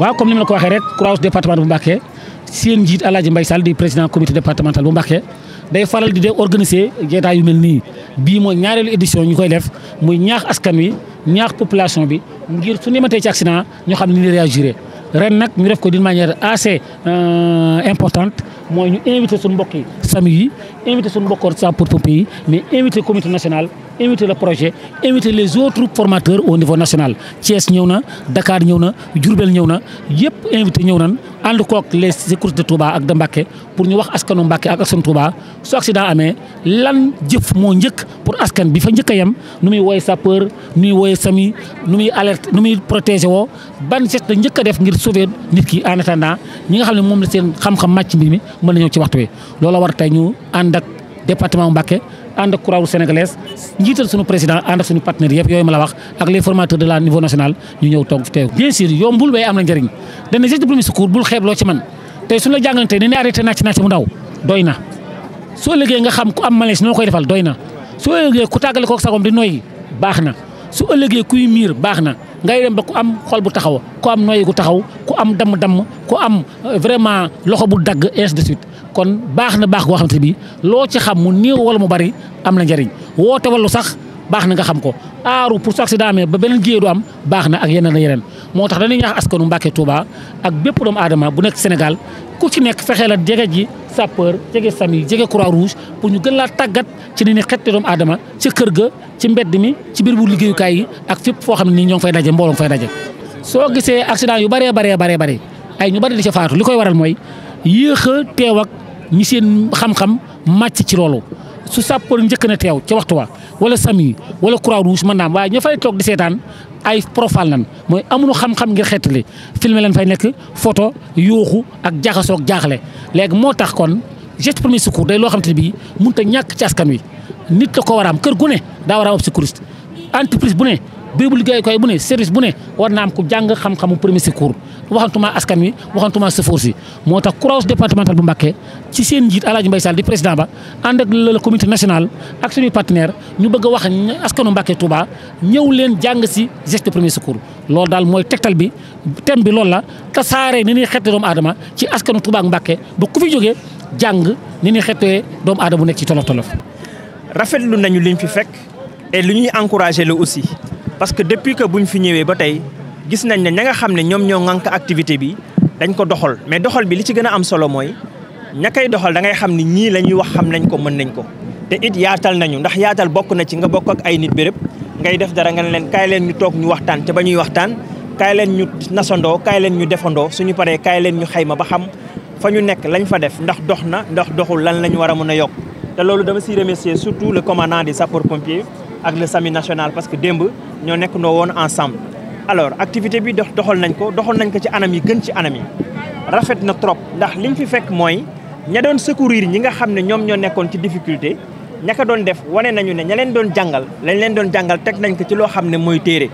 waaw comme ni ma la ko waxee rek Croix-Rouge département bu Mbacké seen njiit Alaaji Mbaye Sall di président comité départemental bu Mbacké day faral di de organiser jotaay yu mel nii bii mooy ñaareelu édition ñu koy def muy ñaax askan wi ñaax population bi ngir su ñu matee ci accident ñu xam ni ñu réagiré ren nag ñu def ko d'une manière assez euh, importante mooy ñu invité su mbokk yi famille yi invité suñu mbokkoor sapeurs-pompiers yi mais invité comité national invité le projet invité les autres formateurs au niveau national Thiès ñëw na Dakar ñëw na Diourbel ñëw na yëpp invité ñëw nan ànd kook les secours de Touba ak de Mbacké pour ñu wax askanu Mbacké ak askanu Touba su accident amee lan jëf moo njëkk pour askan bi fa njëkk a yem nu muy wooye sapeur nu muy wooye sami nu muy alerte nu muy protéger woo ban geste njëkk def ngir sauver nit ki en attendant ñi nga xam ne moom la seen xam-xam màcc mbir mi mën na ñëw ci waxtu bi loolu war tey ñu ànd ak département Mbacké ànd ak Croix-Rouge sénégalaise njiital suñu président ànd ak suñu partenaire yëpp yooyu ma la wax ak les formateurs de la niveau national ñu ñëw toog fi teew bien sûr yombul waaye am na njëriñ dana geste de premier secours bul xeeb loo ci man tey suñu la jàngalee tey dañ lay arrêté mu ndaw doy na soo liggéey nga xam ku am malaise noo koy defal doy na soo liggéey ku tàggale kook sagom di noyyi baax na su ëllëgee kuy miir baax na ngay dem ba ku am xol bu taxaw ku kon baax na baax goo xam te bi loo ci xam mu néew wala mu bari am na njariñ woote wala sax baax na nga xam ko aaru pour su accident amee ba beneen jiyee du am baax na ak yeneen a yeneen moo tax dañuy ñaax askanu Mbàkke Touba ak bépp doomu aadama bu nekk Sénégal ku ci nekk fexee la jege ji sapeur jege sami jege croix rouge pour ñu gën laa tàggat ci ni ni xette doomu aadama ci kër ga ci mbedd mi ci biir bu liggéeyukaay yi ak fépp foo xam ne nii ñoo ngi fay daje mbooloo ngi fay daje soo gisee yu baree baree baree bare ay ñu mooy ñi seen xam-xam màcc ci loolu su sàppoor njëkk na teew ca waxtu wa wala sami wala croix rouge mën naa waaye ña fay toog di seetaan ay profal nan mooy amuloo xam-xam ngir xeetali filmé leen fay nekk photo yooxu ak jaxasoog jaaxle léegi moo tax kon geste premier secours day loo xam te ne bii mun a ñàkk ci askan wi nit la ko war a am kër gu ne daa war a am secouriste entreprise bu ne bérébu liggéeyukaay bu ne service bu ne war na am ku jàng xam-xamu premier secours waxantuma askan wi waxantuma sëfoor si moo tax CROUS départemental bu Mbacké ci seen njiit Alaaji Mbay Sall di président ba ànd ak le comité national ak suñuy partenaire ñu bëgg a wax askanu Mbacké Touba ñëw leen jàng si geste premier secours loolu daal mooy tegtal bi thème bi loolu la tasaare ni ñuy xette doomu adama ci askanu Touba ak Mbacké ba ku fi jàng ni ñuy xettee doomu aadama bu nekk ci tolof tolof rafetlu nañu liñ fi fekk et ñuy encouragé la aussi parce que depuis bu ñu fi ñëwee ba tey gis nañ ne ña nga xam ne ñoom ñoo ŋànk activité bi dañ ko doxal mais doxal bi li ci gën a am solo mooy ña koy doxal da ngay xam ni ñii la ñuy wax xam nañ ko mën nañ ko te it yaatal nañu ndax yaatal bokk na ci nga bokk ak ay nit béréb ngay def dara nga leen kaay leen ñu toog ñu waxtaan te ba ñuy waxtaan kaay leen ñu nasandoo kaay leen ñu defandoo suñu paree kaay leen ñu xayma ba xam fa ñu nekk lañ fa def ndax dox na ndax doxul lan lañ war a mën a yokk loolu dama siy remercier surtout le commandant des sapeurs pompiers national parce que démb ñoo nekk noo woon ensemble. alors activité bi dox doxal nañ ko doxal nañ ko ci anam yi gën ci anam rafet na trop ndax liñ fi fekk mooy ña doon secourir ñi nga xam ne ñoom ñoo nekkoon ci difficulté. ñaka doon def wane nañu ne ña leen doon jàngal lañ leen doon jàngal teg nañ ko ci loo xam ne mooy téere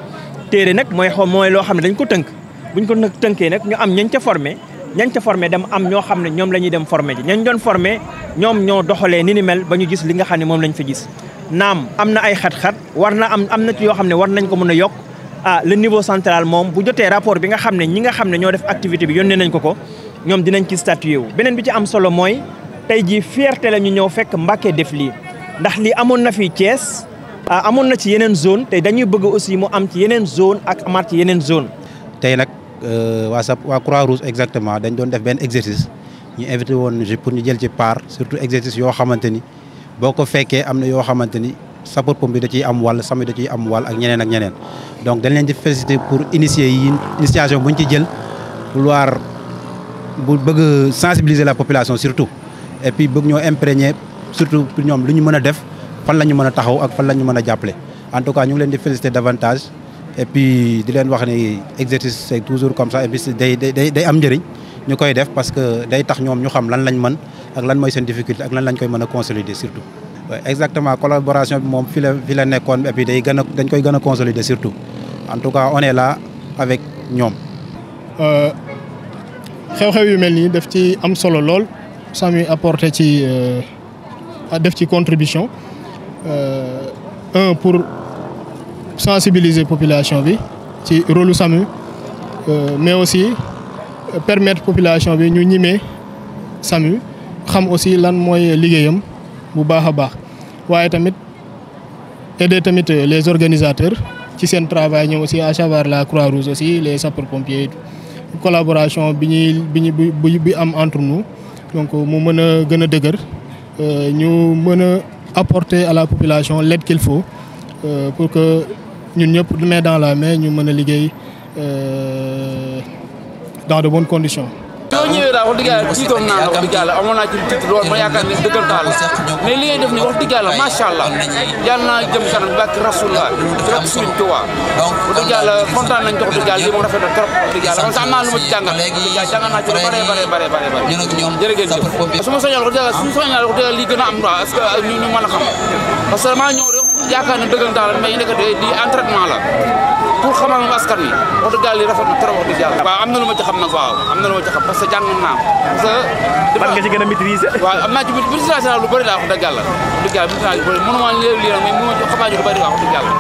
téere nag mooy xaw mooy loo xam ne dañ ko tënk buñ ko tënkee nag ñu am ñañ ca formé ñañ ca formé dem am ñoo xam ne ñoom la dem formé ji ñañ doon formé ñoom ñoo doxalee ni mel ba ñu gis li nga xam ne moom lañ fa gis naam am na ay xat-xat war na am am na ci yoo xam ne war nañ ko mën a yokk ah le niveau central moom bu jotee rapport bi nga xam ne ñi nga xam ne ñoo def activité bi yónnee nañ ko ko ñoom dinañ ci statué wu. beneen bi ci am solo mooy tey jii fierté la ñu ñëw fekk Mbacké def lii ndax lii amoon na fi Thiès ah, amoon na ci yeneen zone tey dañuy bëgg aussi mu am ci yeneen zone ak amaat ci yeneen zone. tey nag euh, waa sa waa Croix-Rouge exactement dañ doon def benn exercice ñu invité woon pour ñu jël ci part surtout exercice yoo xamante ni. boo ko fekkee am na yoo xamante ni sapeur pompier da ciy am wàll sami da ciy am wàll ak ñeneen ak ñeneen donc dañ leen di féliciter pour initier yi initiation bu ñu ci jël vouloir bu bëgg sensibiliser la population surtout et puis bëgg ñoo imprégner surtout pour ñoom lu ñu mën a def fan la ñu mën a taxaw ak fan la ñu mën a jàppale en tout cas ñu ngi leen di féliciter davantage et di leen wax ni exercice c'est toujours comme ça et puis day day day am njëriñ ñu koy def parce que day tax ñoom ñu xam lan lañ mën ak lan mooy seen difficulté ak lan lañ koy mën a consolider surtout. exactement collaboration bi moom fi la la nekkoon et day gën a dañ koy gën a consolider surtout en tout cas on est avec ñoom. Euh, xew-xew yu mel nii def ci am solo lool Samy apporté ci euh, def ci contribution euh, un pour sensibiliser population bi ci rôle Samy mais aussi permettre population bi ñu ñime Samy. xam aussi lan mooy liggéeyam bu baax a baax waaye tamit aider tamit les organisateurs ci seen travail ñoom aussi à travers la Croix-Rouge aussi les sapeurs-pompiers collaboration bi ñuy bi ñu bi bi am entre nou donc mu mën a gën a dëgër euh, ñu mën a apporter à la population l'aide qu'il faut euh, pour que ñun ñëpp main dans la mais ñu mën a liggéey euh, dans de bonnes conditions doo ñëwee daal wax dëgg yàlla tiitoon naa la wax dëgg yàlla amoon naa ci tiit yaakaar ne dëggantaan la mais def nii wax dëgg yàlla yal naa jëm kanam bàkk rasulullah ci rek suñu Tuuba wax dëgg na trop wax dëgg yàlla man wax dëgg yàlla jàngal naa ci lu bare wax dëgg yàlla su wax dëgg yàlla a am parce que euh, ñu ñu mën a xam parce maa ñëw yaakaar ne dëggantaan la mais di entraînement la pour xamal ma askan wi wax dëgg yàlla rafet na trop wax dëgg yàlla waaw am na lu ma ci xam nag waaw am na lu ma ci xam parce que jàng naa parce que ban nga ci gën a maîtriser waaw am naa ci maîtrisation lu bëri laa wax dëgg yàlla dëgg yàlla maîtrisation lu bëri mënuma léew lii nag mais mënuma ci xabaar yu lu bëri laa wax dëgg yàlla